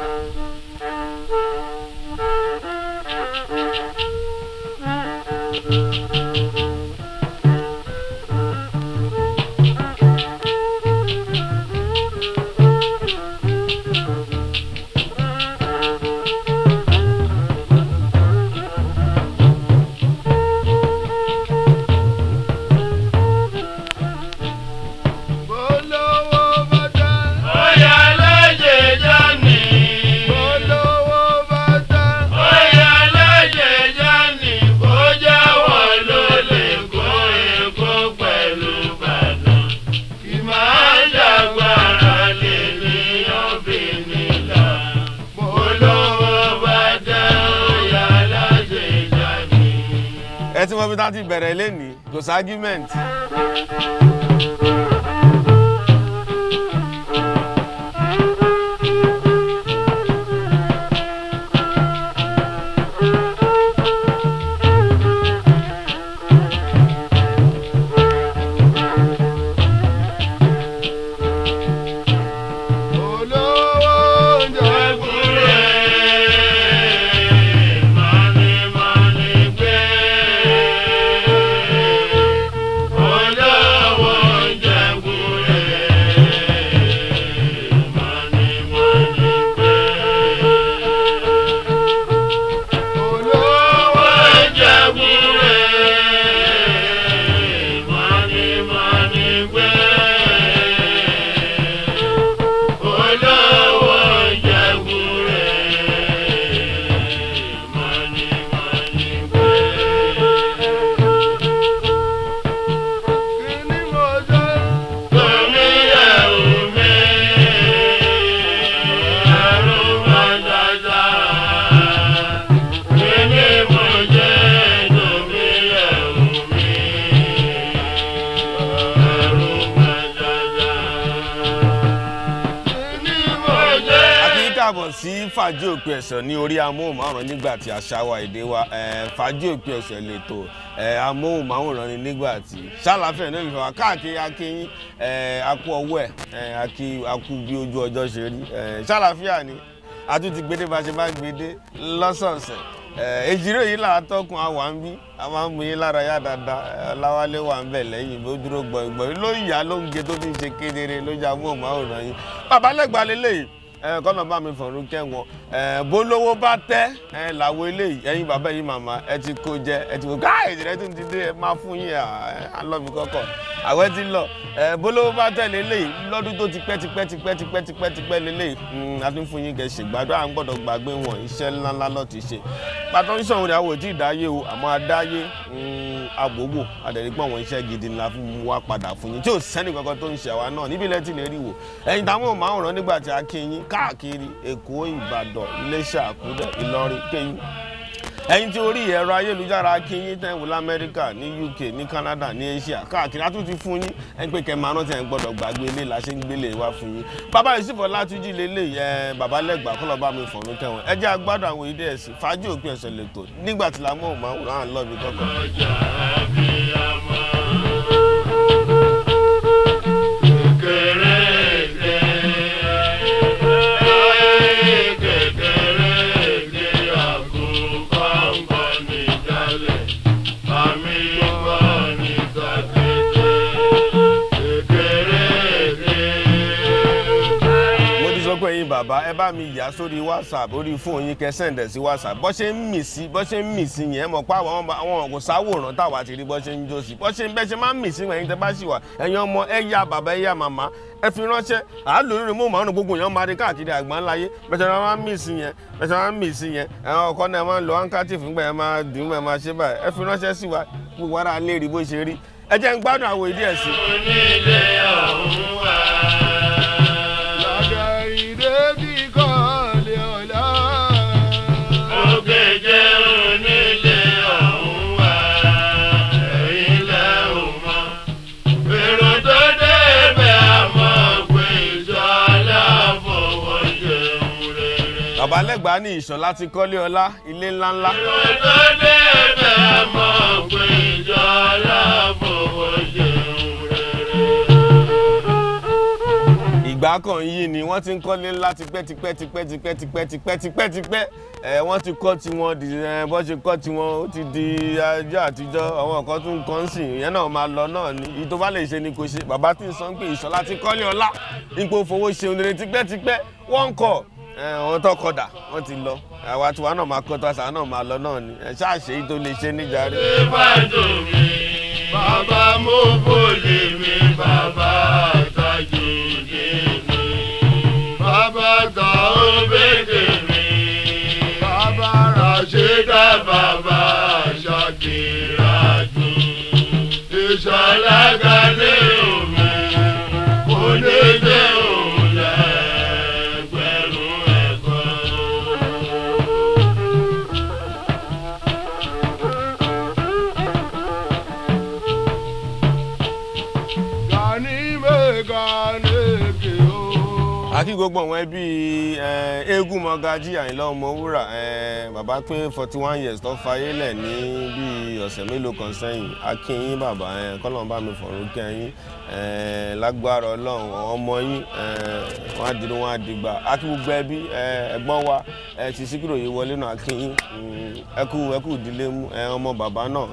Thank um, you. mọ ibi tá ti bẹ̀rẹ̀ lẹ́nìí kò argument. fàájì òpin ọ̀sẹ̀ ní orí amóhùnmáwòrán nígbà tí àṣà wa èdè wa fàájì òpin ọ̀sẹ̀ lètò amóhùnmáwòrán ni nígbà tí ṣàlàfẹ́ náà lè fẹ́ wá káàkiri akínyín akú ọwọ́ ẹ̀ akú bí ojú ọjọ́ ṣe rí ṣàlàfíà ni àtúntì gbédé bá ṣe bá gbédé lọ́sọ̀ọ̀sẹ̀ èjìrè yìí là á tọkùn àwa ń bí a máa ń mú yín lára yá dáadáa ọláwálé wà ń bẹ̀ lẹ́yìn bó dúró gbọ̀ngbọ̀n ló ń yà ló ń ge tó fi ń ṣe kedere lójú amóhùnmáwòrán yìí bàbá lẹ́gbàá lélẹ́yìí kọ́nà bá mi fọ̀rún kẹ́wọ̀n bólówó bá tẹ́ làwọn eléyìí ẹ̀yin bàbá ẹ̀yin màmá ẹ ti kó jẹ ẹ ti wò ká ìdílé tó ti dé ẹ máa fún yín alọ́mi kọ́kọ́ àwẹ̀ ti lọ bólówó bá tẹ́ lélẹ́yìí lọ́dún tó ti pẹ́ ti pẹ́ ti pẹ́ ti pẹ́ ti pẹ́ ti pẹ́ lélẹ́yìí hmm, a ti ń fún yín kẹ́ ṣe gbàdúrà à ń gbọ́dọ̀ gbàgbé wọn iṣẹ́ ńláńlá lọ́ ti ṣe pàtó ń sọ̀rọ̀ àwọn òtí ìdáyé o àmọ́ adáyé hmm, agbowó adẹ̀rí pọ̀ àwọn iṣẹ́ gidi ńlá fún wa padà fún yín tí ò sẹ́nì tó ń ṣe àwa náà níbi ilẹ̀ lè rí wò ẹ̀yin táwọn ò máa ń rán nígbà tí a kí yín káàkiri èkó ìbàdàn iléṣà àkúrẹ́ ìlọrin kéyìn ẹ̀yin tí orí ẹ̀rọ ayélujára kíyìn tẹ́ ń ní uk ní canada ní asia káàkiri àtúntì fún yín ẹ pé máa rántí ẹ gbọ́dọ̀ gbàgbé ilé la ń gbélé wá fún yín bàbá Yusuf Ọlátúnjí lélẹ̀ ẹ bàbá lẹ́gbàá kọ́ bá mi fọ̀nù tẹ̀wọ̀n ẹ agbádùn àwọn ìdí ẹ̀sìn fàájì òpin ẹ̀sẹ̀ lẹ́tọ̀ nígbà tí làmú òun máa mi kọ́kọ́. ọjà mi àmọ́. ìjà sórí whatsapp orí fóònù yín kẹ́ sẹ̀ǹdẹ̀ sí whatsapp bọ́ ṣe ń mì sí bọ́ ṣe ń mì sí yẹn mọ̀ pé àwọn àwọn kò sáwòrán táwa ti rí bọ́ ṣe ń jó sí bọ́ ṣe ń bẹ́ ṣe máa ń mì sí ẹ̀yin tẹ́ bá ṣì wà ẹ̀yin ọmọ ẹ bàbá ẹ màmá ẹ fi ránṣẹ́ àálò lórí mú màánù gbogbo èèyàn máa rí káàkiri àgbáńláyé bẹ́sẹ̀ náà máa ń mì sí yẹn bẹ́sẹ̀ náà máa ń mì sí yẹn ẹ̀wọ̀n ọkọ náà máa ń lo handkerchief ńgbà ẹ̀ máa dùn ẹ̀ máa ṣe báyìí ẹ fi ránṣẹ́ sí wa gbogbo ara lè rí bó ṣe rí ẹ jẹ́ ń gbádùn àwòrán díẹ̀ sí i. àgbà ní ìṣọ̀lá ti kọ́lé ọlá ilé ńláńlá. èrò tó dé bẹ́ẹ̀ mọ̀ pé ìjọba fòwò jẹun rere. ìgbà kan yìí ni wọ́n ti ń kọ́lé ńlá tipẹ́tipẹ́tipẹ́tipẹ́tipẹ́tipẹ́tipẹ́ ẹ̀ wọ́n ti kọ́ tiwọn bó ṣe kọ́ tiwọn ó ti di ajọ́ àtijọ́ àwọn kan tún kọ́ ń sìn ìyẹn náà máa lọ náà ni ìtò bá lè ṣe ni kò ṣe bàbá tí ń sọ ń pè ìṣọ̀lá ti kọ́lé ọlá ipò fowó ṣeun rere tipẹ́tipẹ́ wọ́n ń kọ́ àwọn tó kọdà wọn ti lọ àwa tiwa náà máa kọ tàṣà náà máa lọ náà ni ẹ ṣáà ṣe yìí tó lè ṣe níjàre. bàbá mi bàbá mo kò mi bàbá tó. gbogbo àwọn ẹbí eh, eégún mọ́gájí àyìnlá ọmọwúrà eh, bàbá pé forty one years tó fayé lẹ̀ ní bíi ọ̀sẹ̀ mélòó kan sẹ́yìn akínyín bàbá eh, kọ́lọ́n bá mi fọ̀rùn kẹ́yìn lágbára ọlọ́run ọmọ yín wọ́n á dirun wọ́n á dìgbà akí gbogbo ẹbí wa ti síkírò yìí wọlé náà akínyín mm, ẹkú ẹkú ìdílé mú ọmọ bàbá náà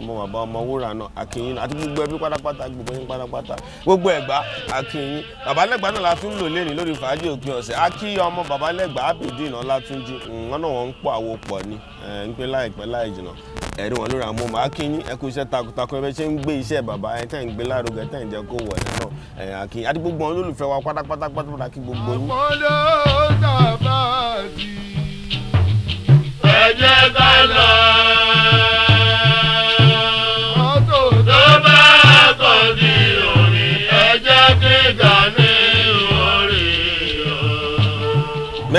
ọmọ bàbá ọmọwúrà náà akínyín àti gbogbo ẹbí pátápátá gbogbo yín pátápátá gbogbo ẹ̀gbá akínyín bàbá lẹ́gbàá náà la fi ń lò lé fàájì òpin ọ̀sẹ̀ a kí ọmọ babalẹ́gbàá Abidin Ọlátúnjí wọn náà wọn ń pọ̀ àwo pọ̀ ni ń pé láìpẹ́ láì jìnnà ẹ̀rí wọn lóra mọ́ màá kí yín iṣẹ́ takuntakun ẹbẹ ṣe ń gbé iṣẹ́ bàbá ẹ tẹ̀ ń gbé lárugẹ tẹ̀ ń jẹ́ kó wọ̀ ẹ̀ náà ẹ̀ àkí àti gbogbo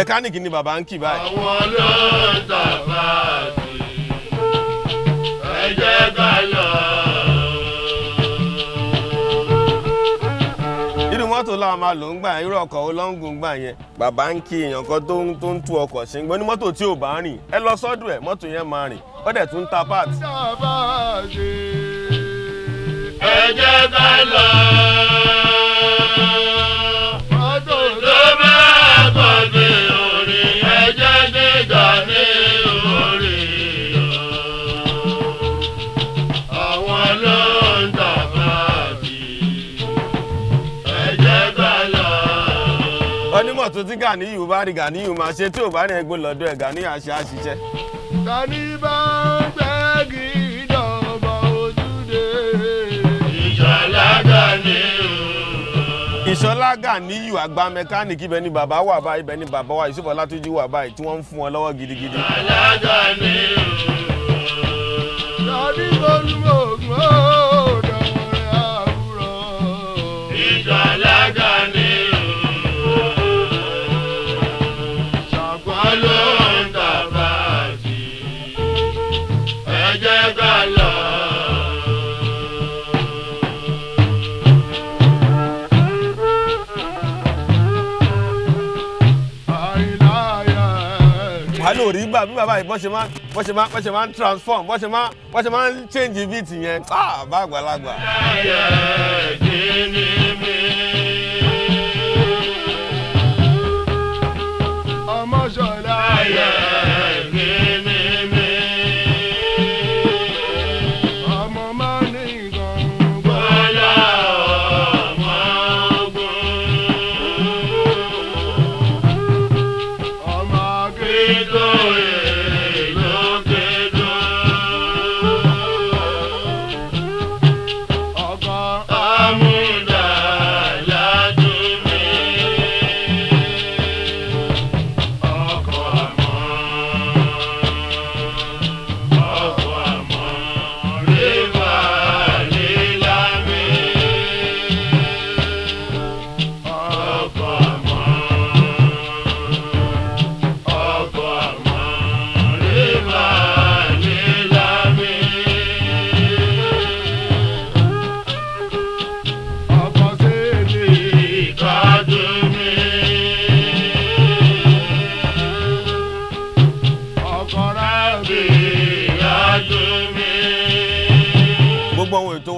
mẹkáníìkì ni bàbá ń kì báyìí. àwọn ló ń tàbá àti ẹ̀jẹ̀ bá lọ. irú mọ́tò làwọn máa lò ń gbà irú ọkọ̀ ó lọ́ngùn gbà yẹn bàbá ń kí èèyàn kan tó ń tó ń tú ọkọ̀ sí gbọ́n ní mọ́tò tí ò bá rìn ẹ lọ sọ́dọ̀ ẹ̀ mọ́tò yẹn máa rìn ó dẹ̀ tún ta part. ẹ ká lọ. náà tó tí Ganiyu bá rí Ganiyu máa ṣe tí ò bá rìn ẹgbẹ́ lọ́dọ̀ ẹ̀ Ganiyu àṣẹ àṣìṣe. Gani bá ń gbẹ́gì ìjọba ojúde. Ìṣọ̀lá Ganiyu. Ìṣọ̀lá Ganiyu àgbà mẹkáníìkì ibẹ̀ ni bàbá wà báyìí ibẹ̀ ni bàbá wa Yusuf Ọlátúnjí wà báyìí tí wọ́n ń fún wọn lọ́wọ́ gidigidi. Ìṣọ̀lá Ganiyu. Gani Bolúmọ̀. ò rí gbà bí bàbá yìí bọ́ ṣe máa bọ́ ṣe máa bọ́ ṣe máa ń transform bọ́ ṣe máa bọ́ ṣe máa ń change beat yẹn ah, bá àgbàlagbà. ọmọ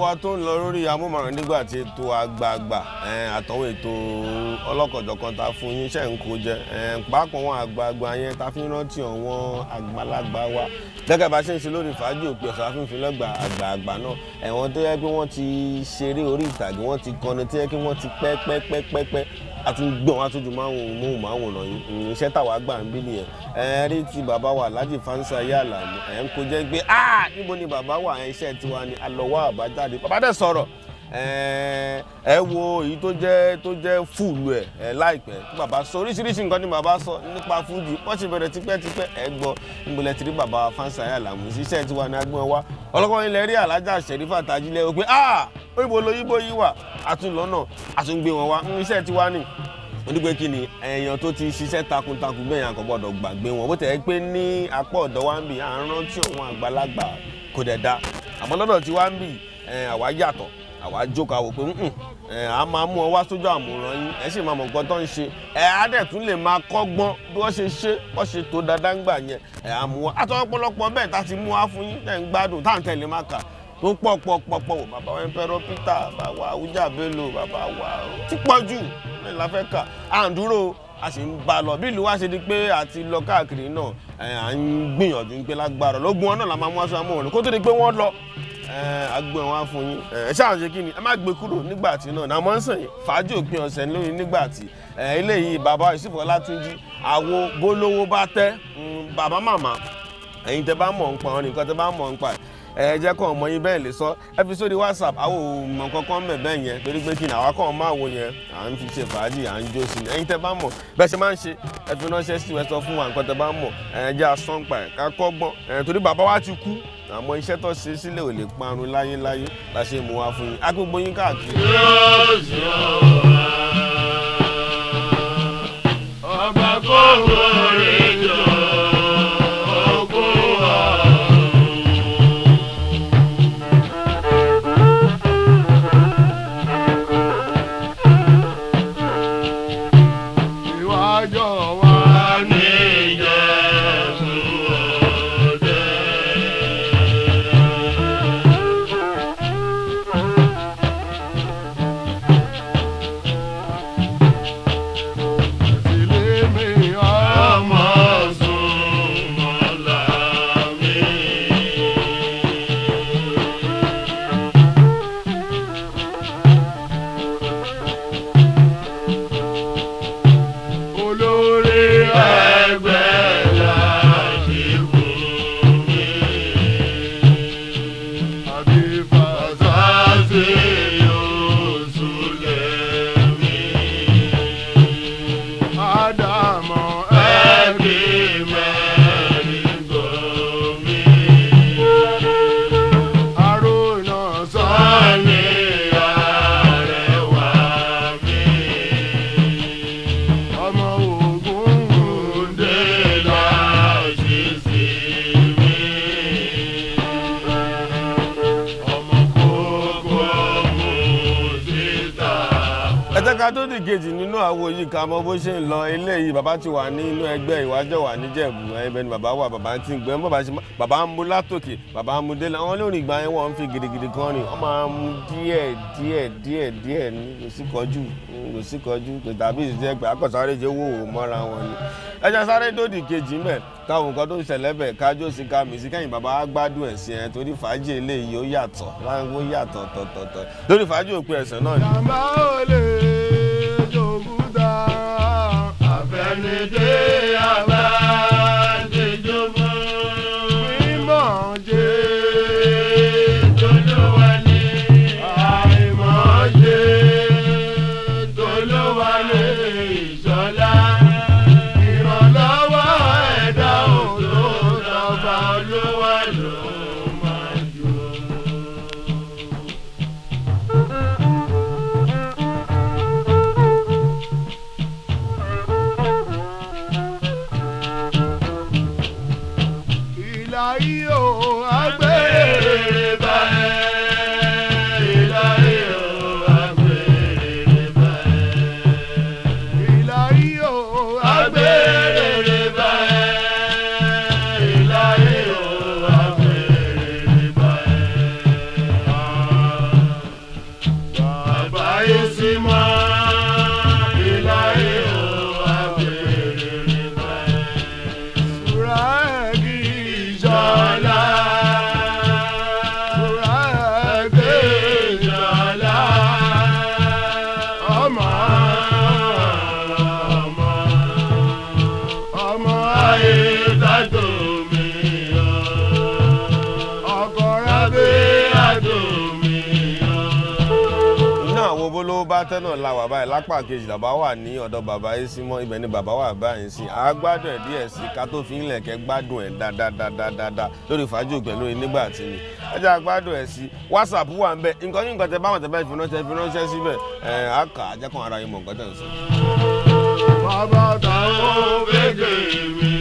wa tó ń lọ lórí amóhùnmáwòrán nígbà tí ètò àgbààgbà àtọwọ́ ètò ọlọ́kọ̀jọ̀kan ta fún yín ṣe ń kó jẹ pàápàá wọn àgbààgbà yẹn ta fi rántí àwọn àgbàlagbà wa gẹ́gẹ́ bá ṣe ń ṣe lórí fàájì òpin ọ̀sán afínfínlọ́gbà àgbààgbà náà ẹ̀wọ̀n tó yẹ pé wọ́n ti ṣeré orí ìtàgé wọ́n ti kọni tó yẹ pé wọ́n ti pẹ́ pẹ́ pẹ́ pẹ́ a tún gbọ̀n a tún jù máa ń mú màwòrán yìí iṣẹ́ tàwa gbà ń bí nìyẹn ẹ rí ti bàbá wa Alhaji Fansaaye Alamu ẹ̀ ń kó gbé ah níbo ni bàbá wa iṣẹ́ tiwa ni àlọ́wọ́ àbájáde bàbá dẹ̀ sọ̀rọ̀ ẹ wo èyí tó jẹ́ tó jẹ́ fúlù ẹ̀ láìpẹ́ tí bàbá sọ oríṣiríṣi nǹkan ni bàbá sọ nípa fújì wọ́n ṣe bẹ̀rẹ̀ tipẹ́tipẹ́ ẹ gbọ́ níbulẹ̀ tí rí bàbá Fansaya Alamu ṣiṣẹ́ tiwa ní agbọ́n wa ọlọ́kọ́ ilẹ̀ rí alájà Sherifa Tajilẹ̀ wípé ah òyìnbó lóyìnbó yìí wà àtúnlọ́nà àtúngbé wọn wá iṣẹ́ tiwa ni onígbé kí ni èèyàn tó ti ṣiṣẹ́ takuntakun bẹ́ẹ̀ yẹn kò gbọ́dọ̀ gbàgbé wọn bó tẹ̀ ẹ́ pé ní apá ọ̀dọ̀ wa ń bì à ń rántí àgbàlagbà kò dẹ̀ da àmọ́ lọ́dọ̀ tí wa ń bì àwa yàtọ̀ àwa jókòó àwò pé a máa mú ọ wá sójú àmúràn yín ẹ sì máa mọ nǹkan tó ń ṣe ẹ á dẹ̀ tún lè máa kọ́gbọ́n bí wọ́n ṣe ṣe wọ́n ṣe tó dáadáa ń gbà yẹn ẹ á mú wa àti ọ̀pọ̀lọpọ̀ bẹ́ẹ̀ tá a ti mú wa fún yín tẹ̀ ń gbádùn tá à ń tẹ̀lé máa kà tó pọ̀ pọ̀ pọ̀ pọ̀ bàbá wa Emperor Peter bàbá Awújà Bello bàbá wa ti pọ̀ jù ní ìlàfẹ́ kà à ń dúró a sì ń ba lọ bí ìlú wa ṣe di pé a ti lọ káàkiri náà à ń gbìyànjú pé lágbára lógun ọ náà la máa mú aṣọ amóhùn kó tó di pé wọ́n lọ Eh, agbọn wa fún yín eh, ẹ ṣáà ṣe kí ni ẹ má gbé kúrò nígbà tí náà nàmọ́ ń sìn fàájì òpin ọ̀sẹ̀ lórí nígbà tí eh, eléyìí bàbá Yusuf Ọlátúnjí àwo bólówó bá tẹ́ mm, bàbá màmá ẹ̀yin tẹ́ bá mọ̀ ń pa wọn nìkan tẹ́ bá mọ̀ ń pa ẹ̀ ẹ jẹ́ kàn mọ̀ yín bẹ́ẹ̀ lè sọ ẹ fi sórí whatsapp àwọn òmò kankan mẹ̀ bẹ́ẹ̀ yẹn torí pé kí ni àwa kàn máa wo yẹn à ń fi ṣe fàájì à ń jó sí ni ẹ̀yin bá mọ̀ bẹ́ẹ̀ ṣe máa ń ṣe ẹ fi ránṣẹ́ sí wẹ́ sọ fún wa nǹkan tẹ́ bá mọ̀ ẹ jẹ́ asánpa ẹ̀ ká kọ́gbọ́n ẹ̀ torí bàbá wa ti kú àmọ́ iṣẹ́ tó ṣe sílẹ̀ ò lè parun láyéláyé la ṣe mú wa fún yín agbègbè yín káàkiri. ọba kò oríkejì nínú àwo yìí ká mọ bó ṣe ń lọ eléyìí bàbá ti wà ní inú ẹgbẹ́ ìwájọ́ wà níjẹ̀bù ẹbẹ ni bàbá wà bàbá ti ń gbẹ mọ́ bàbá ṣe bàbá ń mu látòkè bàbá ń mu délẹ̀ àwọn lórí ìgbà yẹn wọ́n ń fi gidigidi kan rìn wọ́n máa ń mu díẹ̀ díẹ̀ díẹ̀ díẹ̀ ní kò sí tàbí ìṣiṣẹ́ ẹgbẹ́ akọ̀sáré wò ó mọ́ra wọn ni ẹja sáré dòdì kejì mẹ́ káwọn nǹkan tó ń ṣẹlẹ̀ bẹ̀ kájọ sí ká mi sí kẹ́yìn bàbá gbádùn ẹ̀sìn ẹ̀ torí fàájì eléyìí ó yàtọ̀ láńgbó yàtọ̀ tọ̀tọ̀tọ̀ lórí fàájì òpin ẹ̀sìn náà ni. la wà báyìí lápá kejì làbá wà ní ọ̀dọ̀ bàbá yìí sí mọ́ ibẹ̀ ni bàbá wà báyìí sí a gbádùn ẹ̀ díẹ̀ sí ká tó fi ń lẹ̀kẹ́ gbádùn ẹ̀ dáadáa lórí fàájì pẹ̀lú nígbà tí ni ẹ jẹ́ àgbádùn ẹ̀ sí whatsapp wà ń bẹ nǹkan ní nǹkan tẹ bá tẹ bá fi ránṣẹ́ fi ránṣẹ́ síbẹ̀ ẹ̀ á kà á jẹ́ kàn ara yín mọ̀ nǹkan tẹ̀ ń sọ. bàbá táwọn méje mi.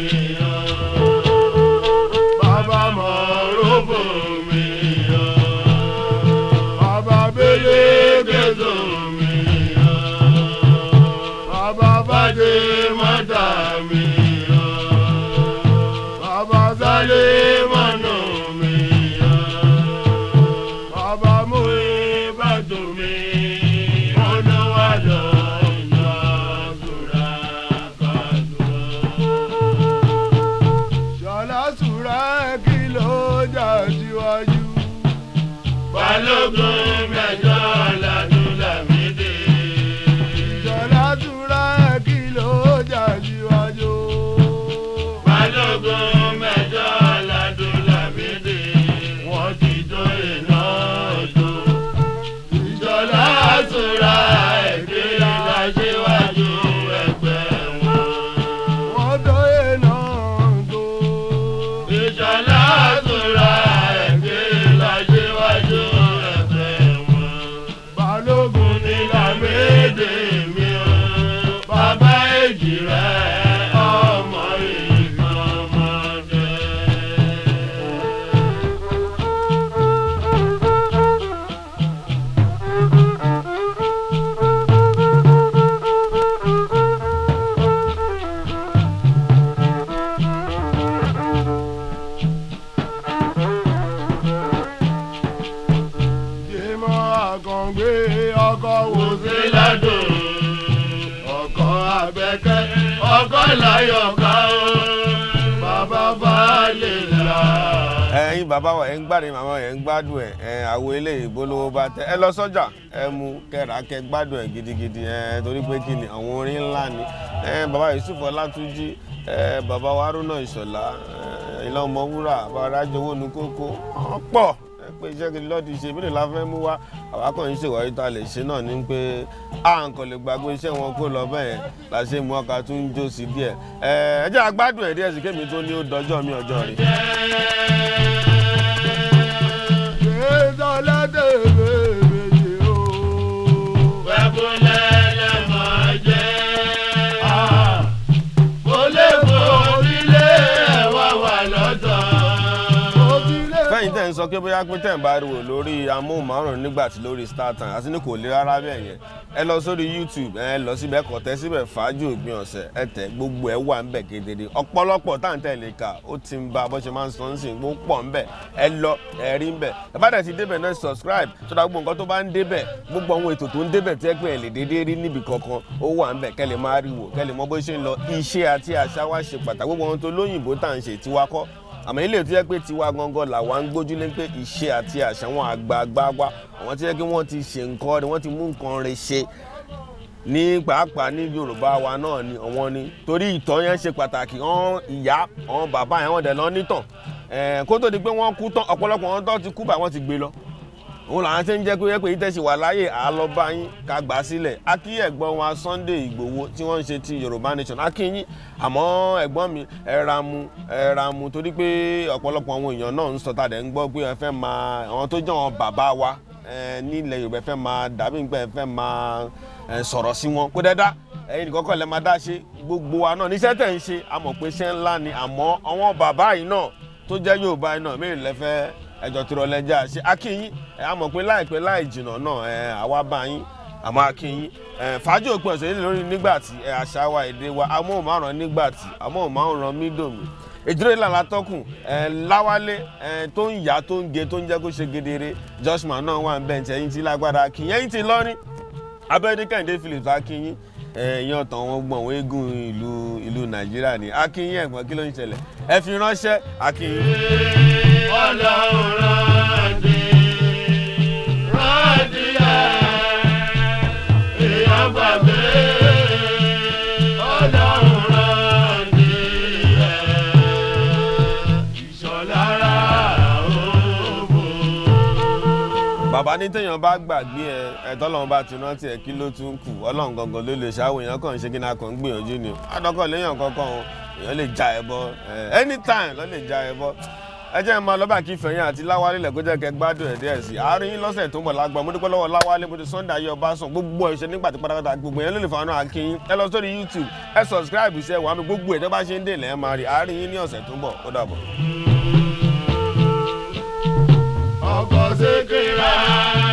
bàbá wa ẹ̀ ń gbádùn màmá ẹ̀ ń gbádùn ẹ̀ ẹ̀ àwo eléyìí bólówó bá tẹ ẹ lọ sọ́jà ẹ mu kẹrà kẹ gbádùn ẹ̀ gidigidi ẹ torí pé kí ni àwọn orin ńlá ni ẹ bàbá Yusuf Ọlátúnjí ẹ bàbá wa Haruna Ìṣọ̀lá Ìlá Ọmọwúrà bàbá Jọ̀wọ́ Nukoko pọ̀ ẹ pé iṣẹ́ kiri lọ́ọ́ ti ṣe ìbílẹ̀ la fẹ́ mú wá àwa kàn ń ṣèwádìí tá a lè ṣe náà ni pé à ń kàn lè gbàgbé iṣẹ́ wọn kó lọ bẹ́ẹ̀ la ṣe mú ọkà tún jó sí díẹ̀ ẹ ẹ jẹ́ àgbádùn ẹ̀ díẹ̀ sí kémi tó ní ó dọjọ́ mi ọjọ́ rẹ̀. bóyá pé tẹ̀ ń bá ríwò lórí amóhùnmáwòrán nígbà tí lórí StarTimes àti ní kò le rárá bẹ́ẹ̀ yẹn ẹ lọ sórí YouTube ẹ lọ síbẹ̀ kọ̀ tẹ́ síbẹ̀ fàájì ògbìn ọ̀sẹ̀ ẹ tẹ̀ gbogbo ẹ wà ń bẹ̀ kedere ọ̀pọ̀lọpọ̀ táǹtẹ̀ lè kà ó ti ń ba bó ṣe máa ń sọ́n sí gbó pọ̀ ń bẹ̀ ẹ lọ ẹ rí ń bẹ̀ ẹ bá dẹ̀ ti débẹ̀ náà subscribe sọ́dọ̀ gbogbo nǹkan tó bá ń débẹ̀ gbogbo àwọn ètò tó ń débẹ̀ tẹ́ pé ẹ lè dédé rí níbi kankan ó wà ń bẹ̀ kẹ́ lè máa ríwò kẹ́ lè mọ bó ṣe ń lọ iṣẹ́ àti àṣà wa ṣe pàtàkì gbogbo ohun tó lóyìnbó tá à ń ṣe tiwa kọ́ àmọ́ ilé tó yẹ pé tiwa gangan làwa ń gbójú lé pé ìṣe àti àṣà wọn àwọn tó yẹ kí wọ́n ti ṣe nǹkan ni wọ́n ti mú nǹkan rẹ̀ ṣe ní pàápàá ní Yorùbá wa náà ni àwọn ni torí ìtàn yẹn ṣe pàtàkì wọn ìyá àwọn bàbá yẹn wọn dẹ̀ lọ nítàn kó tó di pé wọ́n kú tán ọ̀pọ̀lọpọ̀ wọn tó ti kú bá wọn ti gbé lọ òun làwọn ṣe ń jẹ́ pé pé ìtẹ̀sí wà láyè àlọ́ba yín ká gbà sílẹ̀ a kí ẹ̀gbọ́n wa Sunday Ìgbòho tí wọ́n ń ṣe ti Yorùbá Nation a kí yín àmọ́ ẹ̀gbọ́n mi ẹ̀ra mu ẹ̀ra mu torí pé ọ̀pọ̀lọpọ̀ àwọn èèyàn náà ń sọ tá dẹ̀ ń gbọ́ pé ẹ fẹ́ máa àwọn tó jẹ́ àwọn bàbá wa nílẹ̀ Yorùbá fẹ́ máa dàbí pé ẹ fẹ́ máa sọ̀rọ̀ sí wọn kó dẹ́dá ẹ̀yin nìkan kọ́ máa dá ṣe gbogbo wa náà níṣẹ́ tẹ̀ ń ṣe a mọ̀ pé iṣẹ́ ńlá ni àmọ́ àwọn bàbá yìí náà tó jẹ́ Yorùbá yìí náà mí ẹjọ tí rọlẹjà ṣe akínyín ẹ a mọ̀ pé láìpẹ́ láì jìnnà náà ẹ àwa bá yín àmọ́ akínyín ẹ fàájì òpin ọ̀sẹ̀ yìí lórí nígbàtí ẹ àṣà wa èdè wa amóhùnmáwòrán nígbàtí amóhùnmáwòrán mídòmí ìdúró ìlànà atọ́kùn ẹ láwálé ẹ tó ń yá tó ń ge tó ń jẹ́ kó ṣe gedere joshman náà wà ń bẹ̀ ǹtẹ̀ yín ti lágbára akínyín ẹ̀yìn ti lọ́rin abẹ́rẹ́dé kẹ́hìndé phillips akínyín ẹ̀yìn ọ̀tàn wọn gbọ̀n wọ́n eégún ìlú ìlú nàìjíríà ní akínyín ẹ̀gbọ́n kí ló ń bàbá ní téèyàn bá gbàgbé ẹ ẹtọ́lọ́run bá ti rántí ẹ kí ló tún kù ọlọ́run gangan ló lè ṣáwó èèyàn kàn ń ṣe kí náà kàn ń gbìyànjú ni adọ́kọ̀ léèyàn kankan o èèyàn lè ja ẹ bọ́ anytime ló lè ja ẹ bọ́ ẹ jẹ́ máa lọ́bà kí fẹ̀yìn àti láwálé lẹ̀ jẹ́ kẹ́ gbádùn ẹ̀ díẹ̀ i àárín yín lọ́sẹ̀ tó ń bọ̀ lágbọ̀n mo dúpẹ́ lọ́wọ́ láwálé mo ti Sunday ayé ọba sùn gbogbo ẹ̀ṣẹ̀ nígbà tí pátápátá gbogbo yẹn ló lè fanu akínyín ẹ lọ sórí YouTube ẹ subscribe sí ẹ mi gbogbo ẹ̀ tó bá ṣe ń dè lẹ́ẹ̀ máa rí àárín yín ní ọ̀sẹ̀ tó ń bọ̀ ó dàbọ̀. ọkọ̀ ṣe kéra.